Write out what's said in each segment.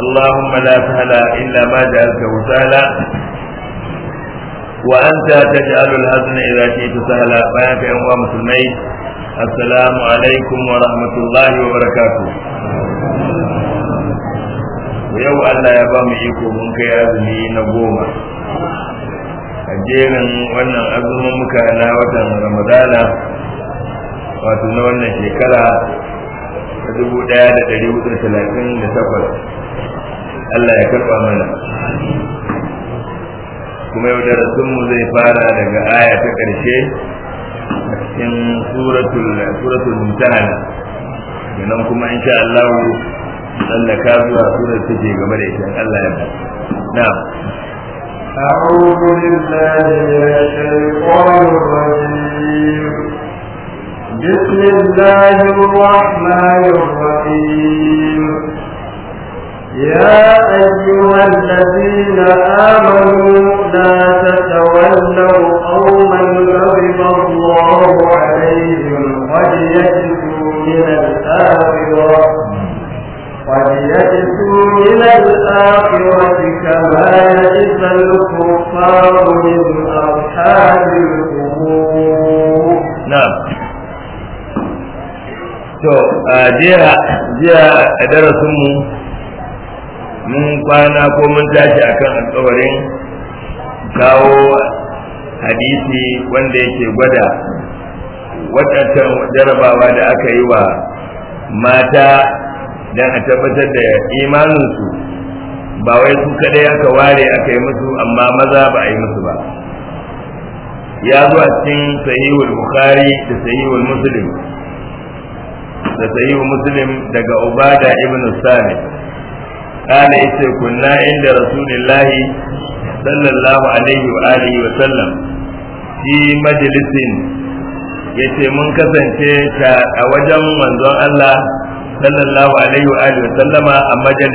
اللهم لا سهل إلا ما جعلته سهلا وأنت تجعل الحزن إذا شئت سهلا فياك يا مسلمي السلام عليكم ورحمة الله وبركاته yau Allah ya ba mu iko mun kai azumi na goma a jerin wannan azumin muka na ramadana wato na wannan shekara ta dubu ɗaya da ɗari hudu da talatin da takwas Allah ya karba mana kuma yau da mu zai fara daga aya ta karshe a cikin suratul suratul mutahana nan kuma sha Allah tsallaka zuwa surar take game da ita Allah ya ba na'am أعوذ بالله من الشيطان الرجيم بسم الله الرحمن الرحيم يا أيها الذين آمنوا لا تتولوا قوما غضب الله عليهم قد يئسوا من الآخرة قد يئسوا من الآخرة كما يئس الكفار من أصحاب القبور نعم to a jiya a darasinmu mun kwana ko mun tashi akan alkawarin kawo hadisi wanda yake gwada waɗancan jarabawa da aka yi wa mata don a tabbatar da imaninsu ba wai su kadai aka ware aka yi musu amma maza ba a yi musu ba ya zo a cikin sahihul bukhari da sahihul muslim da sahihul muslim daga ubada ibn sami قال yace kunna inda رسول sallallahu صلى الله عليه wa sallam في majalisin يتي mun kasance a wajen manzon Allah sallallahu alaihi wa wa sallama a sai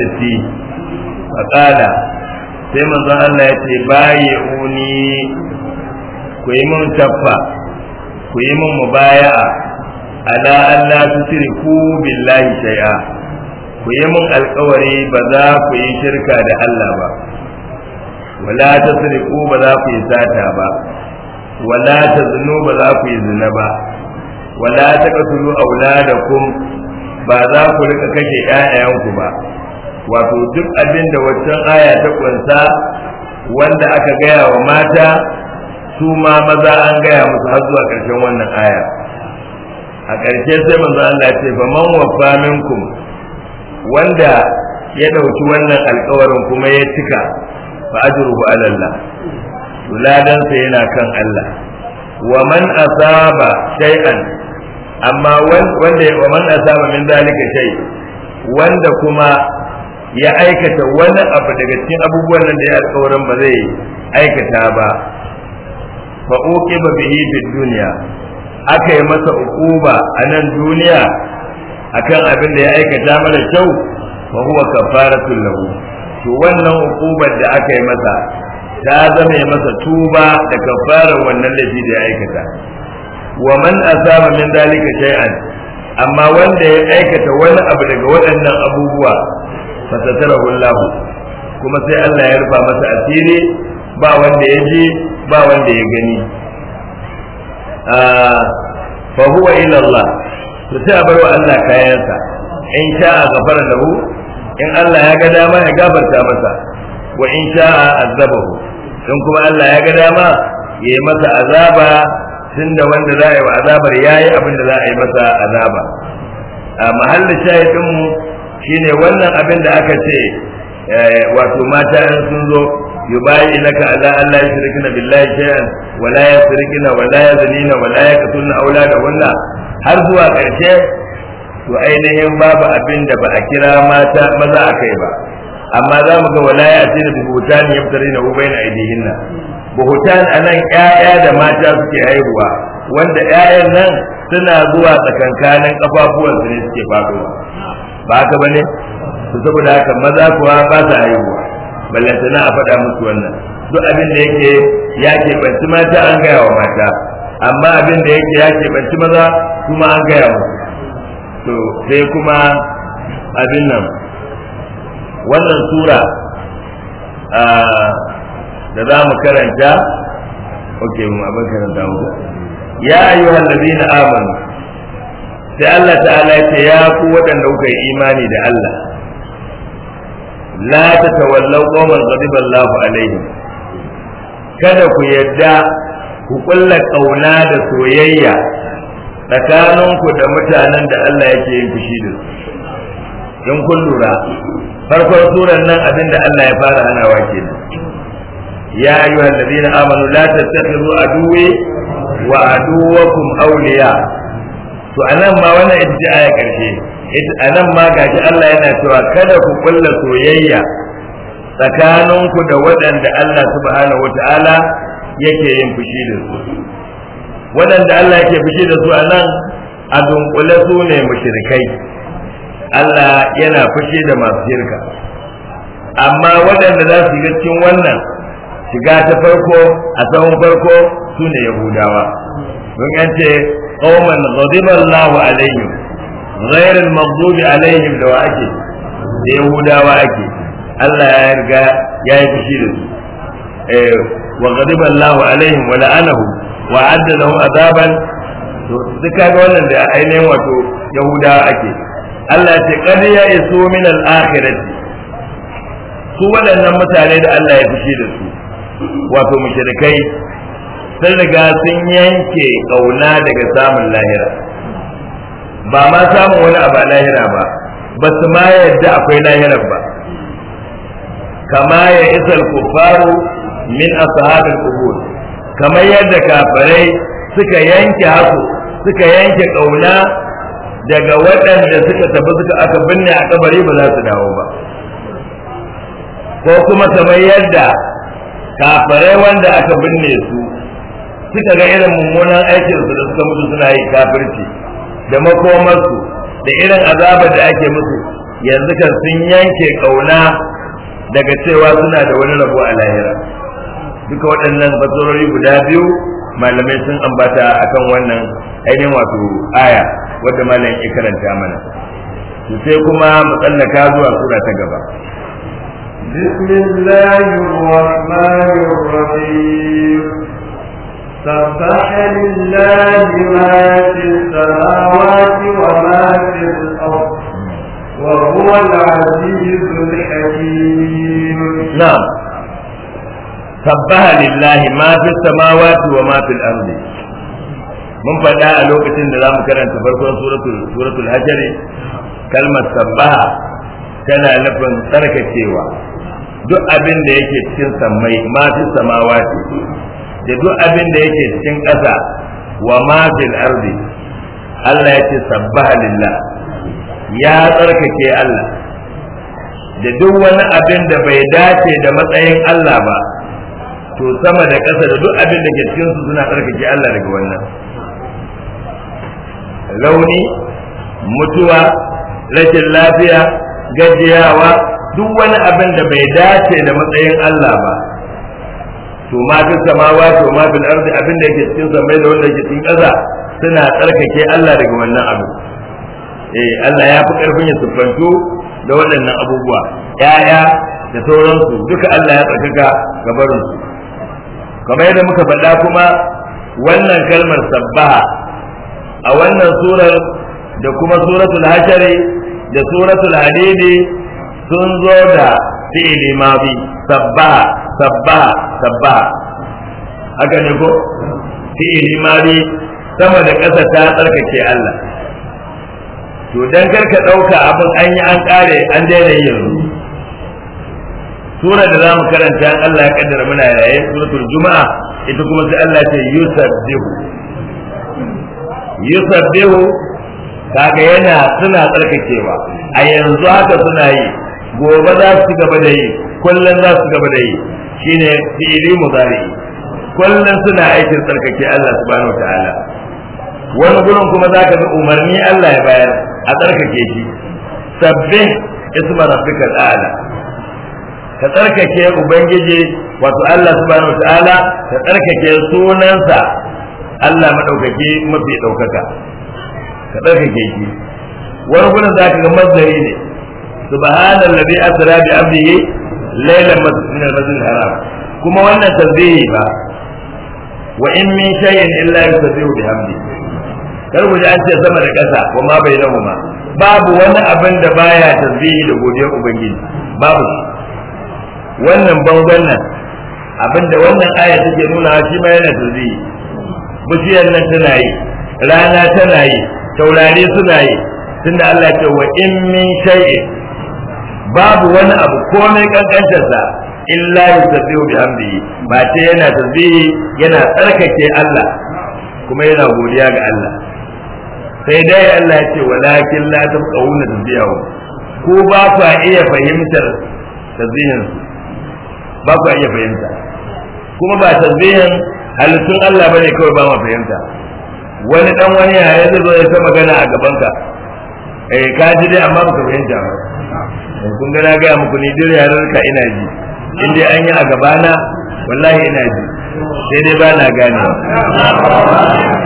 manzon Allah yace baye uni ku yi mun taffa ku yi mun mubaya'a ala Allah tusriku billahi shay'a ku yi mun alkawari ba za ku yi shirka da Allah ba wala tasriqu ba za ku yi sata ba wala taznu ba za ku yi zina ba wala ta da auladakum ba za ku rika kashe 'ya'yanku ba wato duk abin da waccan aya ta kunsa wanda aka gaya wa mata su ma maza an gaya musu har zuwa ƙarshen wannan aya a ƙarshe sai manzo Allah ce fa man wafa minkum wanda ya ɗauki wannan alkawarin kuma ya cika fa ajruhu ala Allah ladansa yana kan Allah wa man asaba shay'an amma wanda wa man asaba min dalika shay wanda kuma ya aikata wani abu daga cikin abubuwan nan da ya alkawarin ba zai aikata ba fa uqiba bihi fid dunya aka yi masa uquba a nan duniya akan abin da ya aikata mana kyau fa huwa kafaratul lahu to wannan hukumar da aka yi masa ta zama ya masa tuba da kafarar wannan laifi da ya aikata wa man asaba min dalika shay'an amma wanda ya aikata wani abu daga waɗannan abubuwa fa satarahu Allah kuma sai Allah ya rufa masa asiri ba wanda ya ji ba wanda ya gani ah, fa huwa ila Allah Su sai a bar wa Allah kayansa in sha'a gafara lahu in Allah ya ga dama ya gafarta masa wa in sha'a azabahu in kuma Allah ya ga dama ya yi masa azaba tun da wanda za a yi wa azabar ya yi abin da za a yi masa azaba a mahallin shahidinmu shine wannan abin da aka ce eh, wato mata in sun zo yubayi laka ala Allah ya yushrikuna billahi shay'an wala yusrikuna wala yazunina wala yaqtuluna auladahunna har zuwa ƙarshe to ainihin babu abin da ba a kira mata maza a kai ba amma za mu ga wala ya ce da buhutan ya fitare na ubai na aidihin nan buhutan a nan ƴaƴa da mata suke haihuwa wanda ƴaƴan nan suna zuwa tsakankanin kafafuwan su ne suke faɗuwa ba haka ba ne su saboda haka maza kuwa ba su haihuwa ballantana a faɗa musu wannan duk abin da yake ya keɓanci mata an gaya wa mata amma abin da yake ya keɓanci maza kuma an gaya mu. to sai kuma abin nan wannan sura da za mu karanta ok mu abin karanta mu ya ayyuhal ladina amanu sai Allah ta'ala ya ce ya ku waɗanda kuka yi imani da Allah la ta tawallau qawman ghadiba Allahu alaihim kada ku yadda ku kulla kauna da soyayya tsakaninku da mutanen da Allah yake yin fushi da su in kun lura farkon suran nan abin da Allah ya fara hanawa ke ya ayyuha allazina amanu la tattakhidhu aduwwi wa aduwwakum awliya to anan ma wannan ita aya karshe anan ma gaji Allah yana cewa kada ku kulla soyayya tsakaninku da waɗanda Allah subhanahu wataala yake yin fushi da su waɗanda Allah yake fushi da su a nan a dunkule su ne mushrikai Allah yana fushi da masu shirka amma waɗanda za su yi cikin wannan shiga ta farko a tsawon farko su ne yahudawa don an ce qauman ghadiba Allahu alaihim ghayr al alaihim da wa ake yahudawa ake Allah ya riga ya yi fushi da su eh, وغضب الله عليهم ولعنهم وأعد لهم عذابا duka ga wannan da ainihin wato yahuda ake Allah ce kad ya iso min al-akhirati su waɗannan mutane da Allah ya fushi da su wato mushrikai sun riga sun yanke ƙauna daga samun lahira ba ma samun wani abu a lahira ba ba su ma yadda akwai lahirar ba kama ya isar al-kuffaru min ashabil qubur kamar yadda kafirai suka yanke haku suka yanke kauna daga waɗanda suka tafi suka aka binne a kabari ba za su dawo ba ko kuma kamar yadda kafirai wanda aka binne su suka ga irin mummunan aikin su da suka mutu suna yi kafirci da makomarsu da irin azabar da ake musu yanzu kan sun yanke kauna daga cewa suna da wani rabo a lahira duka waɗannan fassarori guda biyu malamai sun ambata a kan wannan ainihin wato aya wadda malam ya karanta mana su sai kuma mu zuwa sura ta gaba بسم الله الرحمن الرحيم سبح لله ما في السماوات وما في الأرض وهو العزيز الحكيم نعم sabbaha lillahi ma في السماوات wa ma fil من mun faɗa a lokacin da zamu karanta farkon suratul suratul hajr kalmar sabbaha tana nufin duk abin da yake cikin sammai ma fi samawati da duk abin da yake cikin ƙasa wa ma fil ardi Allah ya ce sabbaha lillah ya tsarkake Allah da duk wani abin da bai dace da matsayin Allah ba to sama da ƙasa da duk abin da ke cikin su suna tsarkake Allah daga wannan launi mutuwa rashin lafiya gajiyawa duk wani abin da bai dace da matsayin Allah ba to ma fi samawa to ma fil ardi abin da yake cikin sama da wanda yake cikin ƙasa suna tsarkake Allah daga wannan abu eh Allah ya fi karfin ya siffantu da waɗannan abubuwa yaya da sauransu duka Allah ya tsarkaka gabarinsu kamar yadda muka faɗa kuma wannan kalmar sabbaha a wannan surar da kuma suratul hashari da suratul hadidi sun zo da fi'ili mabi sabbaha sabbaha sabbaha haka ne ko fi'ili mabi sama da ƙasa ta tsarkake Allah to dan karka ɗauka abin an yi an ƙare an daina yanzu sura da zamu karanta in Allah ya kaddara muna yayin suratul juma'a ita kuma sai Allah ce yusabbihu yusabbihu kaga yana suna tsarkakewa a yanzu haka suna yi gobe za su gaba da yi kullum za su gaba da yi shine fi'ili mudari kullum suna aikin tsarkake Allah subhanahu wataala wani gurin kuma zaka bi umarni Allah ya bayar a tsarkake shi sabbih isma rabbikal a'la ka tsarkake ubangiji wato Allah subhanahu wataala ka tsarkake sunansa Allah madaukake mafi daukaka ka tsarkake shi wani gurin za ka ga mazari ne subhanallazi asra bi abdihi laylan min al haram kuma wannan tasbihi ba wa in min shay'in illa yusabbihu bihamdi kar ku ji an ce sama da ƙasa wa ma bainahuma babu wani abin da baya tasbihi da godiyar ubangiji babu shi wannan bangon nan abinda wannan aya take nuna shi ma yana tuzi bishiyar nan tana yi rana tana yi taurari suna yi tunda Allah ce wa in min shay'i babu wani abu komai kankantarsa illa yusabbihu bihamdihi ba ce yana tasbihi yana tsarkake Allah kuma yana godiya ga Allah sai dai Allah ya ce walakin la tafqahuna tasbihahu ko ba ku iya fahimtar su ba ku iya fahimta kuma ba tasbihin halittun Allah bane kawai ba ma fahimta wani dan wani yaya zai zo ya ta magana a gaban ka eh ka ji dai amma ba ka fahimta ba kun ga na ga muku ni dire yaran ka ina ji in dai an yi a gabana wallahi ina ji sai dai ba na gane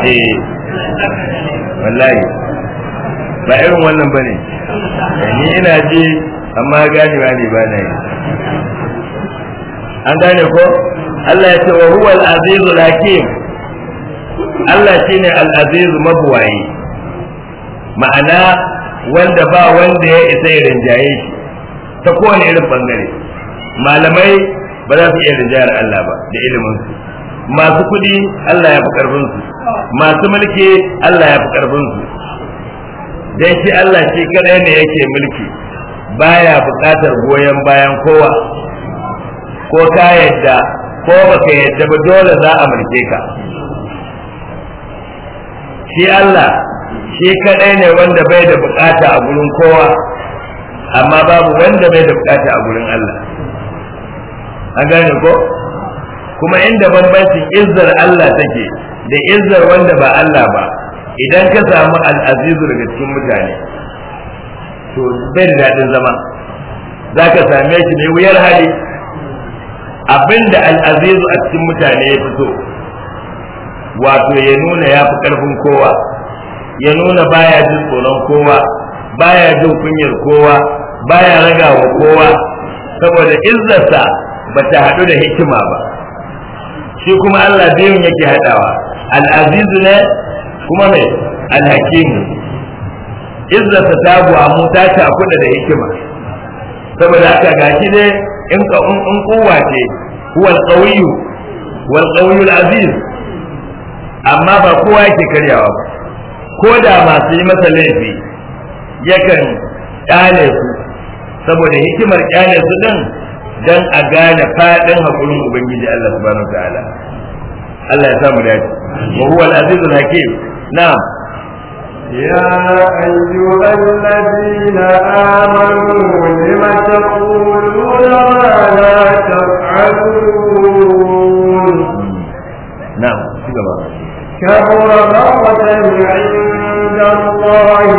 eh wallahi ba irin wannan bane eh, ni ina ji amma gane ba ne ba na yi an gane ko Allah ya ce wa huwa al-aziz al-hakim Allah shine al-aziz mabwayi ma'ana wanda ba wanda ya isa ya rinjaye shi ta kowane irin bangare malamai ba za su iya rinjayar Allah ba da ilimin su masu kudi Allah ya fi karfin su masu mulki Allah ya fi karfin su dan shi Allah shi kadai ne yake mulki baya buƙatar goyon bayan kowa ko ka yadda ko baka yadda ba dole za a mulke ka shi Allah shi kadai ne wanda bai da bukata a gurin kowa amma babu wanda bai da bukata a gurin Allah an gane ko kuma inda bambancin izzar Allah take da izzar wanda ba Allah ba idan ka samu al'azizu daga cikin mutane to bai da daɗin zama za ka same shi mai wuyar hali abinda al'azizu a cikin mutane ya fito wato ya nuna ya fi ƙarfin kowa ya nuna baya jin tsoron kowa baya jin kunyar kowa baya raga wa kowa saboda izzarsa ba ta haɗu da hikima ba shi kuma Allah biyun yake haɗawa al'azizu ne kuma mai alhakimu izzarsa ta buwa mu ta kuɗa da hikima saboda haka gashi ne in ka in kowa ce huwa alqawiyyu wal qawiyyu aziz amma ba kowa yake karyawa ba ko da masu yi masa laifi yakan kyale su saboda hikimar kyale su din dan a gane fadin hakurin ubangiji Allah subhanahu wa ta'ala Allah ya samu dace wa huwa al al hakim na'am يا أيها الذين آمنوا لم تقولون ما لا تفعلون نعم كبر مرة عند الله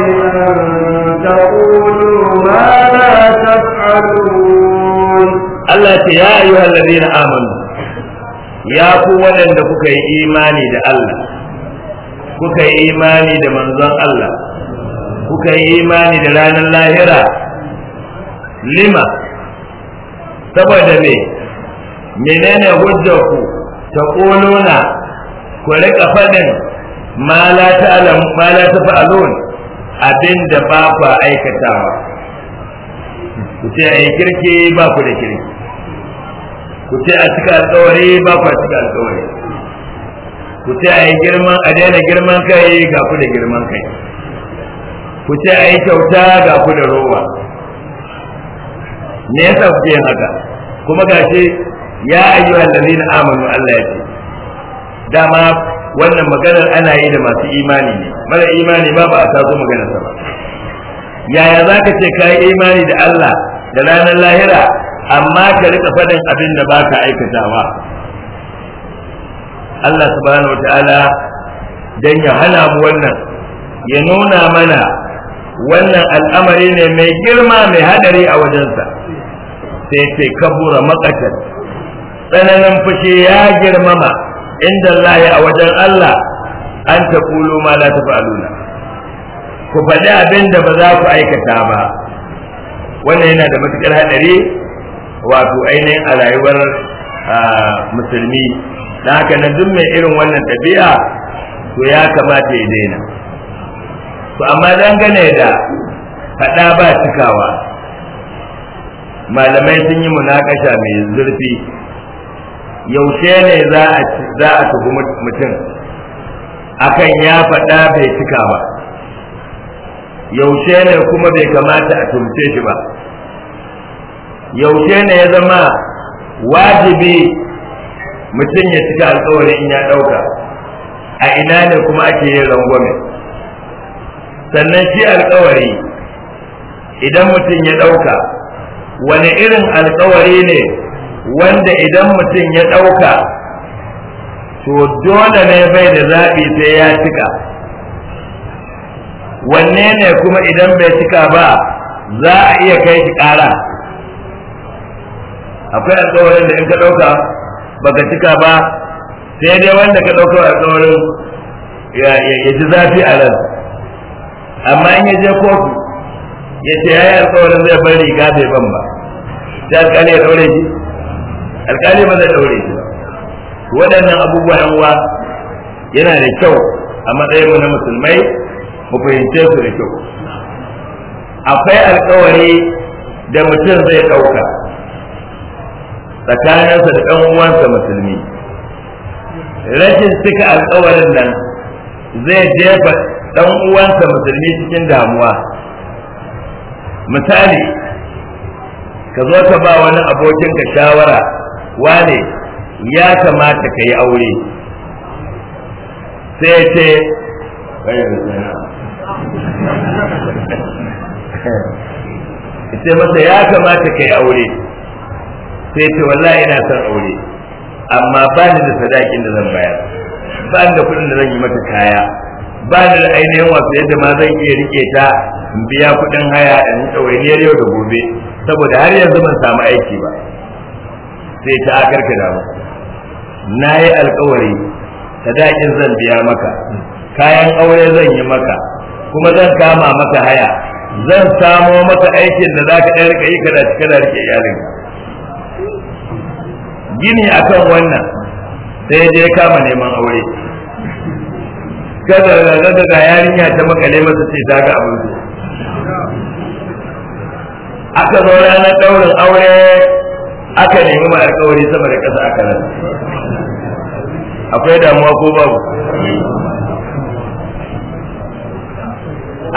أن تقولوا ما لا تفعلون الله يا أيها الذين آمنوا يا قوة لن تكون إيماني لألّه kuka yi imani da manzon Allah kuka yi imani da ranar lahira lima saboda me menene ku ta ƙonona ku riƙa faɗin ma la ta fa'alun abin da ba ku aikatawa ku ce a yi kirki ba ku da kirki ku ce a cika alƙawari ba ku a cika alƙawari ku ce a yi girman a daina girman kai ga ku da girman kai ku ce a yi kyauta ga ku da rowa me yasa ku yin haka kuma ga shi ya ayyuhal ladina amanu Allah ya ce dama wannan maganar ana yi da masu imani ne mara imani ba ba a taso maganar sa ba yaya zaka ce ka yi imani da Allah da ranar lahira amma ka rika faɗin abin da baka aikatawa Allah subhanahu wataala ya hana mu wannan ya nuna mana wannan al'amari ne mai girma mai hadari a wajensa sai ce kabura makatar tsananin fushi ya girmama inda laye a wajen Allah an ta kulu ma la tafa'aluna ku faɗi abin da ba za ku aikata ba wannan yana da matukar hadari wato ainihin a rayuwar ah, musulmi da haka na duk mai irin wannan tafiya to ya kamata ya daina to amma dangane da faɗa ba cikawa malamai sun yi munakasha mai zurfi yaushe ne za a tafi mutum akan ya faɗa bai cika ba yaushe ne kuma bai kamata a tumce shi ba yaushe ne ya zama wajibi mutum ya cika alkawari in ya ɗauka a ina ne kuma ake yin rangwame sannan shi alkawari idan mutum ya ɗauka wani irin alkawari ne wanda idan mutum ya ɗauka to dole ne bai da zaɓi sai ya cika wanne ne kuma idan bai cika ba za a iya kai shi ƙara akwai alkawarin da in ka ɗauka baka cika ba sai dai wanda ka ɗauka a tsawarin ya ji zafi a ran amma in ya je kofi ya ce ya yi alkawarin zai bar riga bai ban ba sai alkali ya ɗaure shi alkali ba zai ɗaure shi ba waɗannan abubuwa yan uwa yana da kyau a matsayin mu na musulmai mu fahimce su da kyau akwai alkawari da mutum zai ɗauka tsakaninsa da ɗan uwansa musulmi rashin cika alƙawarin nan zai jefa ɗan uwansa musulmi cikin damuwa misali ka zo ka ba wani abokinka shawara wane ya kamata ka yi aure sai ce ce masa ya kamata ka yi aure sai ce wallahi ina son aure amma ba ni da sadakin da zan bayar ba ni da kuɗin da zan yi mata kaya ba ni da ainihin wasu yadda ma zan iya rike ta in biya kuɗin haya in ɗawainiyar yau da gobe saboda har yanzu ban samu aiki ba sai ta akarka damu na yi alkawari sadakin zan biya maka kayan aure zan yi maka kuma zan kama maka haya zan samo maka aikin da za ka ɗan rika yi kada cika da rike iyalinka gini akan wannan sai je kama neman aure kada da da yarinya ta makale masa ce ta ga abin aka zo ranar daurin aure aka nemi mai alkawari sama da ƙasa aka nan akwai damuwa ko babu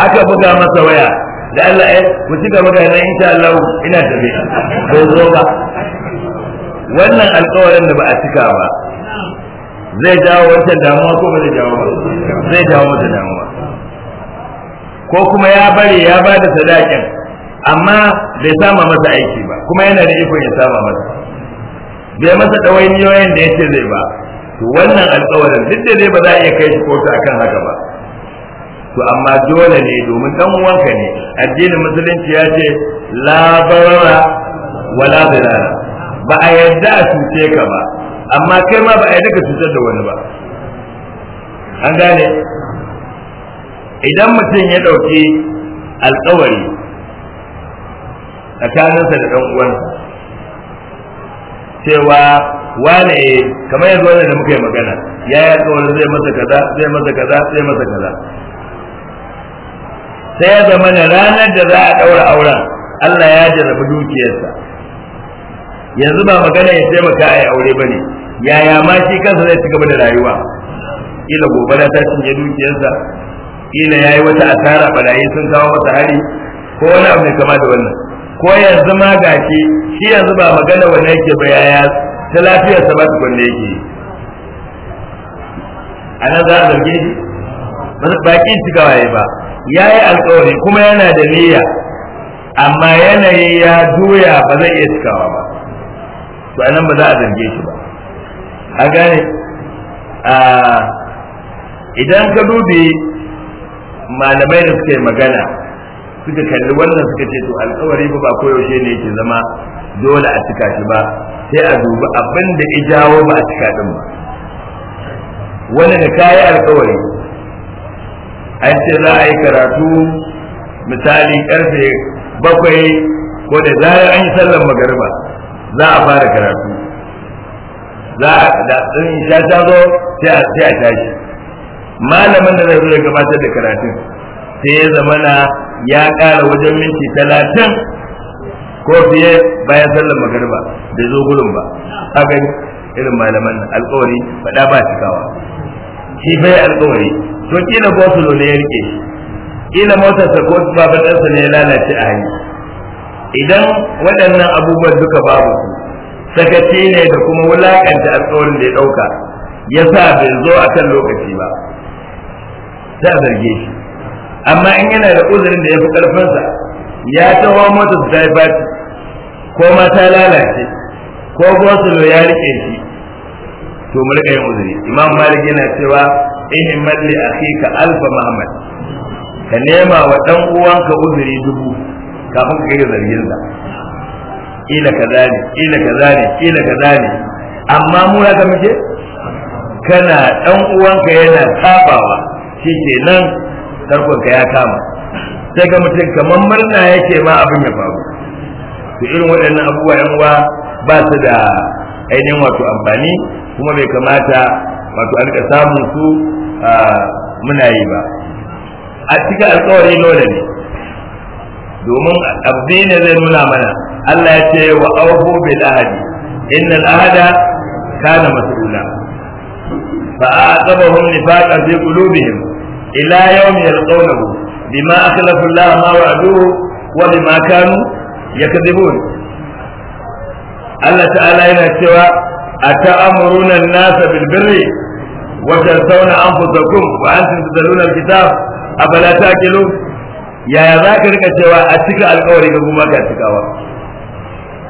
aka buga masa waya da Allah ya eh, ku ci gaba ga nan insha Allah ina tafiya ko zo ba wannan alkawarin da ba a cika ba zai jawo wancan damuwa ko ba zai jawo ba zai jawo mata damuwa ko kuma ya bari ya ba da sadakin amma bai sama masa aiki ba kuma yana da ikon ya sama masa bai masa ɗawainiyoyin da ya ce zai ba to wannan alkawarin duk da zai ba za a iya kai shi kotu akan haka ba to amma dole ne domin dan uwanka ne addinin musulunci ya ce la barara wala zirara ba a yarda a cuce ka ba amma kai ma ba a yarda ka cutar da wani ba an gane idan mutum ya ɗauki alkawari tsakaninsa da ɗan cewa wane kamar yanzu wannan da muka yi magana ya yi alkawari zai masa kaza zai masa kaza zai masa kaza sai ya zama ranar da za a ɗaura auren Allah ya jarrabi dukiyarsa yanzu ba magana ya taimaka a aure ba ne yaya ma shi kansa zai ci gaba da rayuwa gobe na ta cinye dukiyarsa ila ya yi wata asara barayi sun kawo masa hari ko wani abu mai kama da wannan ko yanzu ma gashi shi yanzu ba magana wani yake ba yaya ta lafiyar sa ba ta kwanne yake a nan za a zarge shi ba kin cikawa ya ba ya yi alƙawari kuma yana da niyya amma yanayi ya juya ba zai iya cikawa ba to anan ba za a zarge shi ba a gane idan ka dubi malamai da suke magana suka kalli wannan suka ce to alkawari ba koyaushe ne yake zama dole a cika shi ba sai a dubi abin da ya ba a cika din ba wani da kayi alkawari an ce za a yi karatu misali karfe bakwai ko da zarar an yi sallar magariba za a fara karatu za a da in sha ta zo sai a sai a tashi malamin da zai zo ya gabatar da karatun sai ya zamana ya ƙara wajen minti talatin ko fiye bayan sallar magariba da zo gudun ba haka irin malaman alƙawari faɗa ba cikawa shi bai alƙawari to kila bosulo ne ya rike shi kila motarsa ko ba ɗansa ne ya lalace a hanyar idan waɗannan abubuwan duka babu su sakaci ne da kuma wulakanta alƙawarin da ya ɗauka ya sa bai zo a kan lokaci ba ta zarge shi amma in yana da uzurin da ya fi ƙarfinsa ya taho motar ta yi bati ko ma ta lalace ko gosulo ya riƙe shi to mu riƙa yin uzuri imam malik yana cewa in malli akhika alfa muhammad ka nema wa ɗan uwanka uzuri dubu kafin ka yi zargin sa ila kaza ne ila kaza ne ila kaza ne amma mu na muke kana dan uwanka yana shi shikenan nan ka ya kama sai ka mutum kamar murna yake ma abin ya faru to irin waɗannan abubuwa yan uwa ba su da ainihin wato amfani kuma bai kamata wato an samun su muna yi ba a cikin alkawari nola ne domin abdi ne zai nuna mana Allah ya ce wa aufu bil ahadi innal ahada kana mas'ula fa aqabahum nifaqan fi qulubihim ila yawmi yalqawnahu bima akhlafu Allah ma wa'aduhu wa bima kanu yakdhibun Allah ta'ala yana cewa ata'amuruna an-nasa bil birri wa tansawna anfusakum wa antum tadluna al-kitab afala ta'qilun yaya za ka rika cewa a cika alkawari ga kuma ka cikawa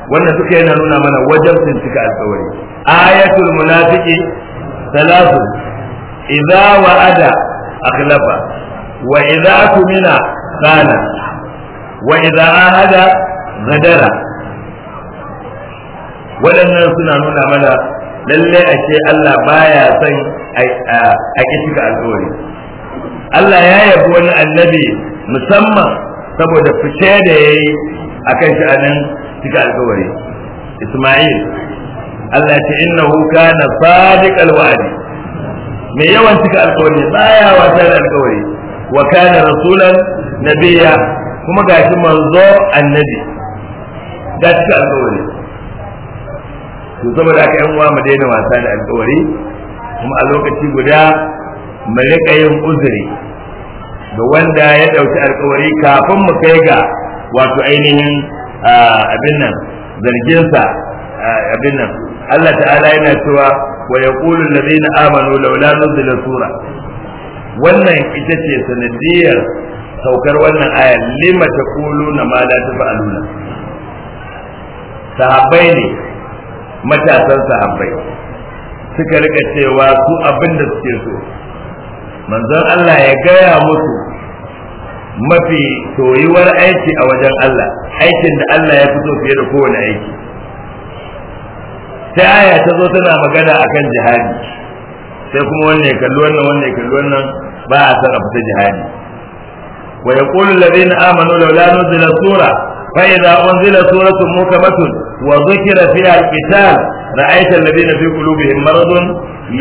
wannan suka yana nuna mana wajen sun cika alkawari ayatul munafiqi Salasu, idza wa'ada akhlafa wa idza tumina khana wa idza ahada gadara waɗannan suna nuna mana lalle a ce Allah baya son a ƙi cika alkawari Allah ya yabi wani annabi musamman saboda fice da ya yi a kan nan cika alkawari ismail Allah ce innahu kana sadiqal wa'di mai yawan cika alkawari tsayawa ta da alkawari wa kana rasulan nabiyya kuma gashi manzo annabi ga cika alkawari to saboda aka yan uwa mu daina wasa da alkawari kuma a lokaci guda mu riƙa yin uzuri ga wanda ya ɗauki alkawari kafin mu kai ga wato ainihin abin nan zarginsa abin nan Allah ta'ala yana cewa wa yaqulu allazina amanu laula nuzila sura wannan ita ce sanadiyar saukar wannan aya lima na ma la tafaluna sahabbai ne matasan sahabbai suka rika cewa su abin da suke so manzon Allah ya gaya musu mafi soyuwar aiki a wajen Allah aikin da Allah ya fito fiye da kowane aiki sai aya ta zo tana magana akan jihadi sai kuma wannan ya wannan wannan ya wannan ba a san a fita jihadi wa yaqulu alladhina amanu laula nuzila sura fa idza unzila suratun mukamatun wa dhukira fiha alqital ra'aita alladhina fi qulubihim maradun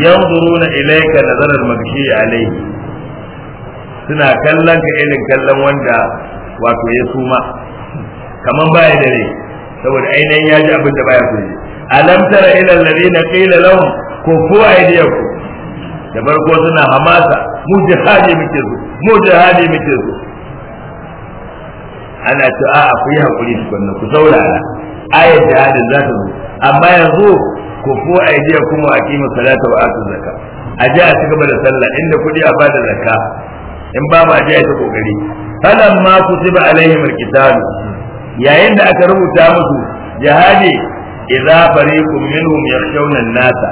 yanzuruna ilayka nazara al-maghshi suna kallon ka irin kallon wanda wato ya suma kaman baya dare, saboda ainihin ya ji abin da baya so alam tara ila alladhina qila lahum kufu aydiyakum da farko suna hamasa mu jihadi muke so mu jihadi muke so ana ce a'a ku yi hakuri tukunna ku saurara ayat jihadin za ta zo amma yanzu ku fu aydiyakum wa aqimu salata wa atu zakat a ji a ci gaba da sallah inda kuɗi a bada zakka in ba babu ji ta kokari falan ma ku tiba alaihim alkitab yayin da aka rubuta musu jihadi idza fariqum minhum yakhshawna an-nasa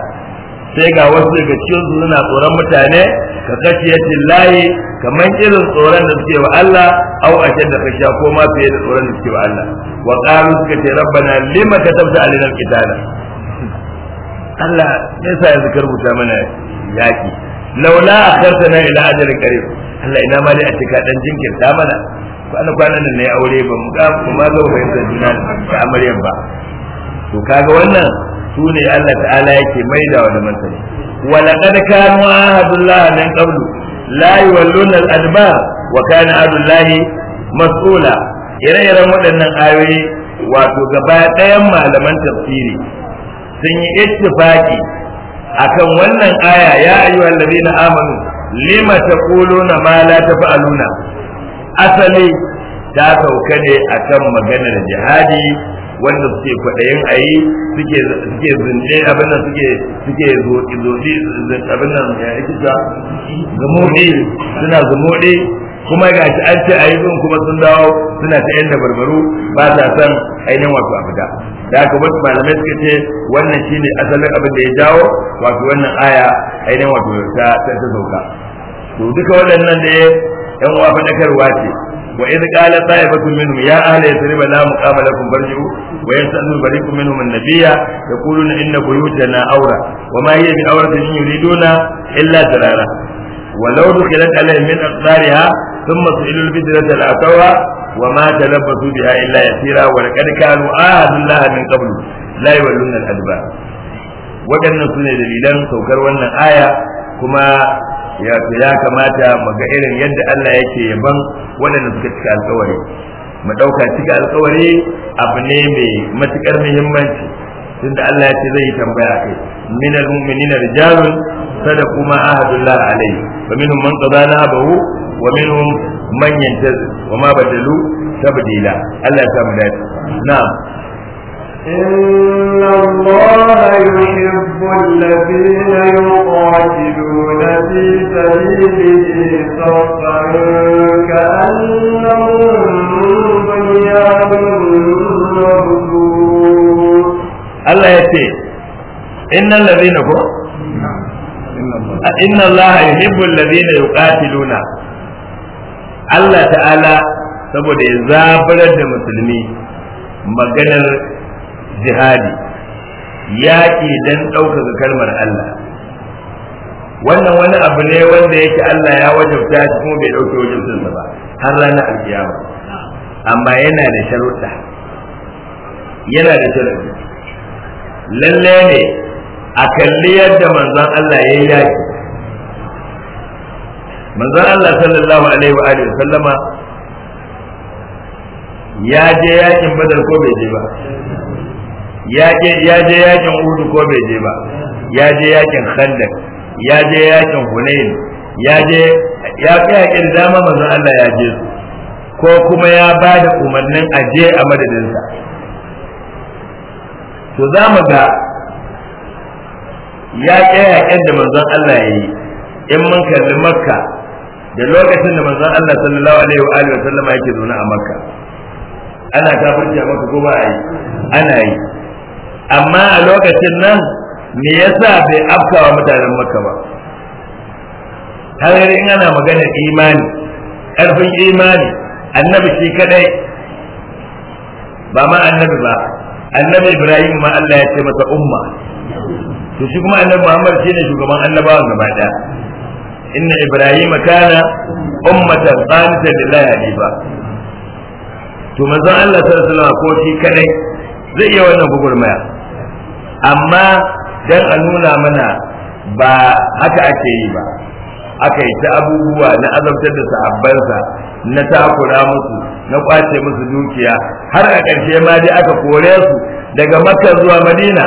sai ga wasu daga cikin su suna tsoron mutane ka kashiyatin layi kaman irin tsoron da suke wa Allah au a da kashiya ko ma fiye da tsoron da suke wa Allah wa qalu suka ce rabbana lima katabta alaina alkitab Allah ya sa ya zikar rubuta mana yaki laula akhartana ila ajal qarib Allah ina ma dai a cika dan jinkirta mana kwana nan ne aure ba mu ga kuma ma zo fahimta juna ta amaryar ba to kaga wannan sune Allah ta'ala yake mai da wani mutane wa laqad kanu ahadullah min qablu la yuwalluna al-adbar wa kana ahadullah mas'ula ire-iren waɗannan ayoyi wato gaba ɗayan malaman tafsiri sun yi ittifaki akan wannan aya ya ayyuhal allazina amanu lima taquluna ma la taf'aluna asali ta sauka ne akan maganar jihadi wanda suke kwaɗayin a yi suke zunde abin da suke suke zoɗi zoɗi abin nan ya yi kisa zumuɗi suna zumuɗi kuma ga shi an ce a yi kuma sun dawo suna ta yanda barbaru ba ta san ainihin wato a fita da haka wasu malamai suka ce wannan shine asalin abin da ya jawo wato wannan aya ainihin wato ta ta sauka to duka waɗannan da yan uwa fadakarwa ce wa idh qala ta'ibatu minhum ya ahla yathrib la muqama lakum farji'u wa yasalu fariqun minhum an-nabiyya yaquluna inna buyutana awra wa ma hiya bi awratin yuriduna illa tarara ولو دخلت عليهم من أقدارها ثم سئلوا الفتنة لأتوها wa ma talabbasu biha illa yasira wa laqad kanu ahadullahi min qabl la yawalluna al-adbar waɗannan sune dalilan saukar wannan aya kuma ya kamata mu ga irin yadda Allah yake yaban waɗanda suka cika alƙawari mu ɗauka cika alƙawari abu ne mai matuƙar muhimmanci tunda Allah ya ce zai yi tambaya a kai min al-mu'minin rijalun sadaqu ma ahadullah alayhi man wa manyan ta wa ma badalu tabdila Allah ya samu dace na'am إن الله يحب الذين يقاتلون في سبيله صفا كأنهم بنيان مرصوص الله يتي إن الذين هو إن الله يحب الذين يقاتلون Allah ta'ala saboda ya zabarar da musulmi maganar jihadi yaƙi don ɗaukaka kalmar Allah wannan wani abu ne wanda yake Allah ya wajabta shi kuma bai ɗauke wajabtinsa ba har ranar alkiyama amma yana da sharuɗa yana da sharuɗa lalle ne a kalli yadda manzon Allah ya yi yaƙi manzon Allah sallallahu alaihi wa alihi sallama ya je yakin badar ko bai je ba ya je yakin uhud ko bai je ba ya je yakin khandak ya je yakin hunain ya je ya kai yakin dama manzon Allah ya je su ko kuma ya ba da umarnin aje a madadinsa to za mu ga ya yakin da manzon Allah ya yi in mun kalli makka da lokacin da manzon Allah sallallahu alaihi wa alihi wasallama yake zaune a Makka ana kafirci a Makka ko ba a yi ana yi amma a lokacin nan me yasa bai afkawa mutanen Makka ba har in ana magana imani karfin imani annabi shi kadai ba ma annabi ba annabi Ibrahim ma Allah ya ce masa umma to shi kuma annabi Muhammad shine shugaban Annabawa gaba daya inna Ibrahim kana ummatan qanita lillahi hanifa to manzon Allah sallallahu alaihi wasallam ko zai iya wannan gugurmaya amma dan a nuna mana ba haka ake yi ba aka yi ta abubuwa na azabtar da sahabbansa na takura musu na kwace musu dukiya har a ƙarshe ma dai aka kore su daga makka zuwa madina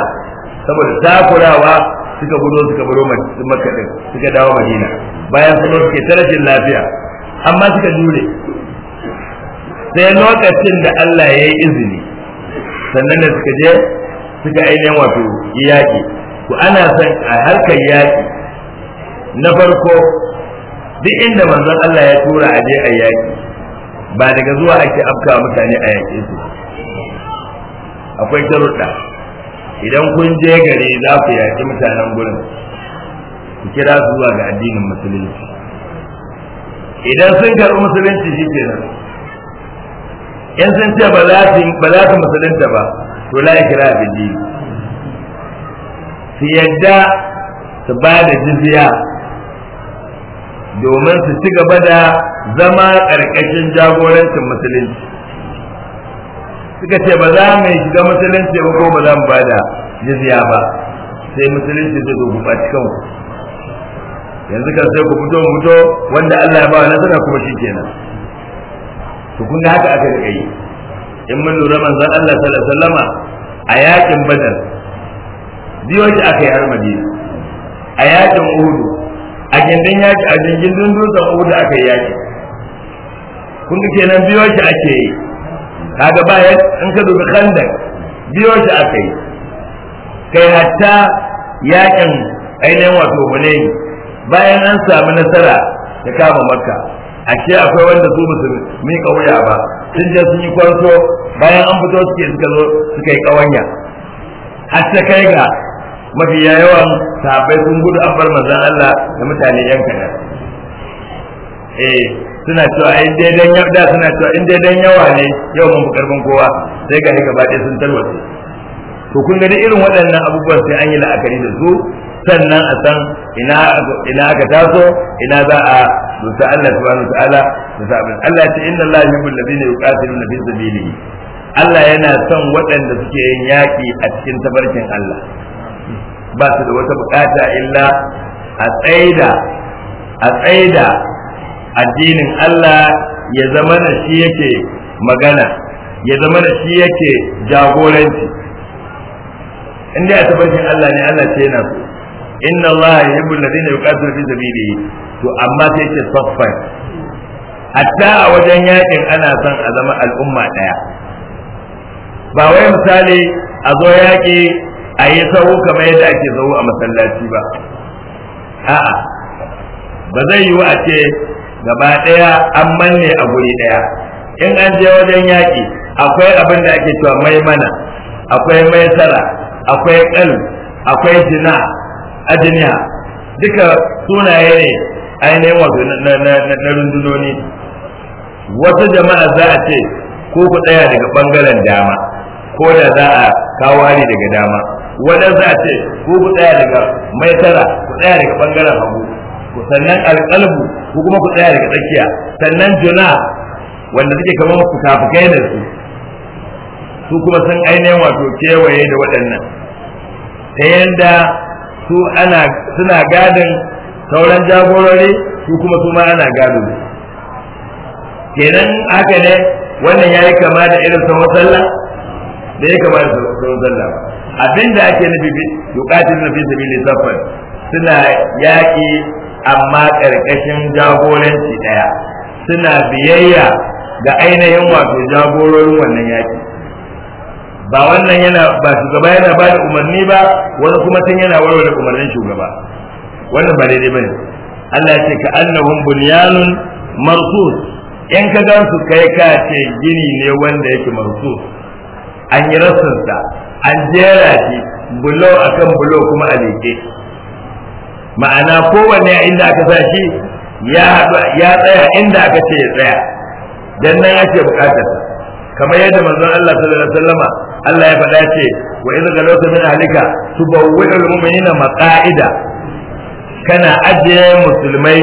saboda takurawa suka gudo suka baro makka din suka dawo madina bayan sun suke ta rashin lafiya amma suka jure sai lokacin da Allah ya yi izini sannan da suka je suka ainihin wato yaƙi to ana son a harkar yaƙi na farko duk inda manzon Allah ya tura a je a yaƙi ba daga zuwa ake afka mutane a yaƙe su akwai sharuɗa idan kun je gari za ku yaƙi mutanen gurin ku kira su zuwa ga addinin musulunci idan sun karɓi musulunci shi ke nan in sun ce ba za su musulunta ba to la kira a bidi su yadda su ba da jizya domin su ci gaba da zama ƙarƙashin jagorancin musulunci suka ce ba za mu shiga musulunci ba ko ba za mu bada jizya ba sai musulunci zai dogo ba cikin yanzu kan sai ku fito fito wanda Allah ya ba nasara kuma shikenan to kun ga haka aka rika yi in mun lura manzon Allah sallallahu alaihi wasallama a yakin Badar biyo shi aka yi har a yakin Uhud a gindin yaki a gindin dutsen Uhud aka yi yaki kun ga kenan biyo shi ake yi kaga bayan in ka dubi khandak biyo shi a kai hatta yakin ainihin wato hunayi bayan an samu nasara da kama makka ashe akwai wanda su musu mika kawuya ba sun je sun yi kwanso bayan an fito suke suka zo suka yi kawanya har kai ga mafi yawan sahabbai sun gudu an bar manzon Allah da mutane yan eh suna cewa in dai dan yawa suna cewa in dai dan yawa ne yau mun karban kowa sai ga gaba ɗaya sun tarwace to kun ga irin waɗannan abubuwan sai an yi la'akari da su sannan a san ina ina aka taso ina za a dusa Allah subhanahu wa ta'ala da sabin Allah ya ce inna Allah yuhibbul ladina yuqatiluna fi sabilihi Allah yana son waɗanda suke yin yaƙi a cikin tabarkin Allah ba su da wata bukata illa a tsaida a tsaida addinin Allah ya zama da shi yake magana ya zama da shi yake jagoranci inda ya tabbatin Allah ne Allah ce yana so inna Allah ya yuhibbu alladhina yuqatiluna fi sabilihi to amma sai ce saffan hatta a wajen yakin ana son a zama al'umma ɗaya. ba wai misali a zo yaki a yi sahu kamar yadda ake zo a masallaci ba a'a ba zai yi wa a ce gaba ɗaya an manne a guri ɗaya in an je wajen yaƙi akwai abin da ake cewa mai mana akwai mai tara akwai ƙal akwai jina duniya duka sunaye ne ainihin wato na rundunoni wasu jama'a za a ce ko ku tsaya daga ɓangaren dama ko da za a kawo hari daga dama za a ce ko ku tsaya daga mai tara ku tsaya daga ɓangaren hagu sannan alqalbu ku kuma ku tsaya daga tsakiya sannan juna wanda suke kamar fukafukai da su su kuma sun ainihin wato kewaye da waɗannan ta yadda su ana suna gadin sauran jagorori su kuma su ma ana gado kenan haka ne wannan yayi kama da irin sama sallah da ya kama da sahun sallah abinda ake nufi yuqatilu fi sabili safar suna yaƙi amma ƙarƙashin jagoranci ɗaya suna biyayya ga ainihin wato jagororin wannan yaki ba wannan yana ba shugaba yana ba da umarni ba wani kuma tun yana warware umarnin shugaba wannan ba daidai ne. Allah ya ce ka annahum bunyanun marsus in ka gan su kai ka ce gini ne wanda yake marsus an yi rassansa an jera shi bulo akan bulo kuma a leke ma'ana kowanne inda aka sa shi ya tsaya inda aka ce ya tsaya dan nan ake bukatar kamar yadda manzon Allah sallallahu alaihi wasallama Allah ya faɗa ce wa idza galawta min ahlika tubawwi'ul mu'minina maqa'ida kana ajiye musulmai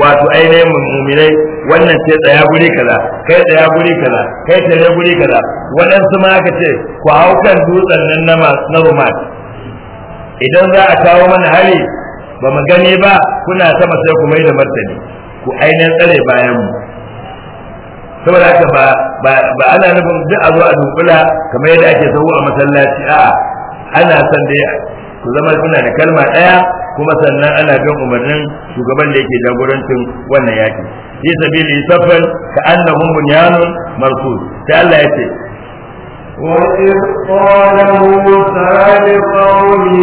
wato ainihin muminai wannan ce tsaya guri kaza kai tsaya guri kaza kai tsaya guri kaza waɗansu ma aka ce ku hau kan dutsen nan na rumat idan za a kawo mana hari ba mu gani ba kuna sama sai ku mai da martani ku ainihin tsare bayan mu saboda haka ba ba ana nufin duk a zo a dunkula kamar yadda ake sahu a masallaci a'a ana son da ku zama kuna da kalma ɗaya kuma sannan ana bin umarnin shugaban da yake jagorancin wannan yaki fi sabili safan ka annahum bunyanun marsus sai Allah ya ce وإذ قال موسى لقومه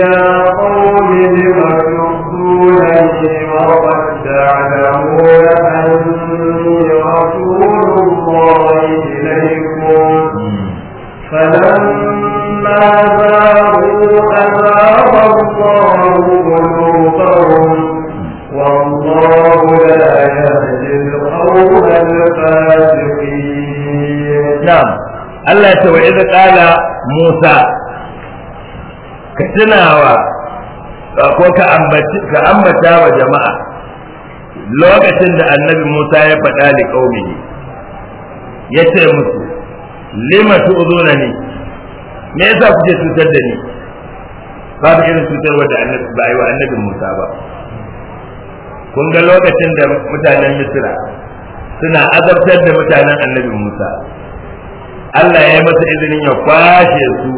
يا قوم لم تؤذونني وقد تعلمون أني رسول الله إليكم فلما زاغوا أزاغ الله قلوبهم والله لا يهدي القوم الفاسقين نعم Allah ya ce wa idza qala Musa ka tunawa ko ka ambaci ka ambata wa jama'a lokacin da annabi Musa ya faɗa da qaumihi ya ce musu lima tu'zuna ni me yasa kuke cutar da ni babu irin cutar da annabi ba yi wa annabi Musa ba kun ga lokacin da mutanen Misra suna azabtar da mutanen annabi Musa Allah ya yi masa izinin ya kwashe su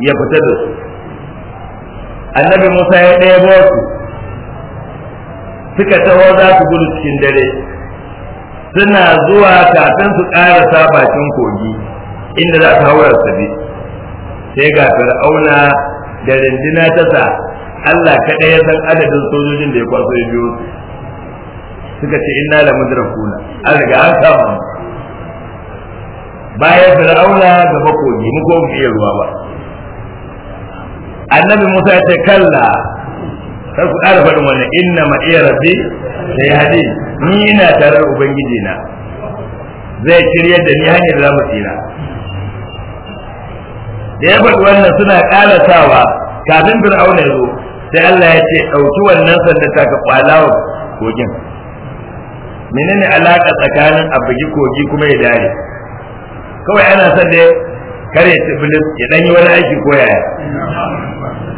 ya fita da su annabi Musa ya ba su suka taho za su gudu cikin dare suna zuwa kafin su ƙarasa bakin kogi inda za su haura su bi sai ga fir'auna da rindina ta sa Allah kaɗai ya san adadin sojojin da ya kwaso ya biyo su suka ce inna la mudrakuna an riga an samu bayan fir'auna gaba kogi mu ko iya ruwa ba annabi musa ya ce kalla kar ku ƙara faɗin wannan inna ma iya rabbi sai hadi ni ina tare da ubangiji na zai shiryar da ni hanyar da mu tsira da ya faɗi wannan suna ƙalatawa kafin fir'auna ya zo sai Allah ya ce ɗauki wannan sanda ta ka wa kogin menene alaƙa tsakanin abugi kogi kuma ya dare kawai ana son da kare tiflis ya dan yi wani aiki ko yaya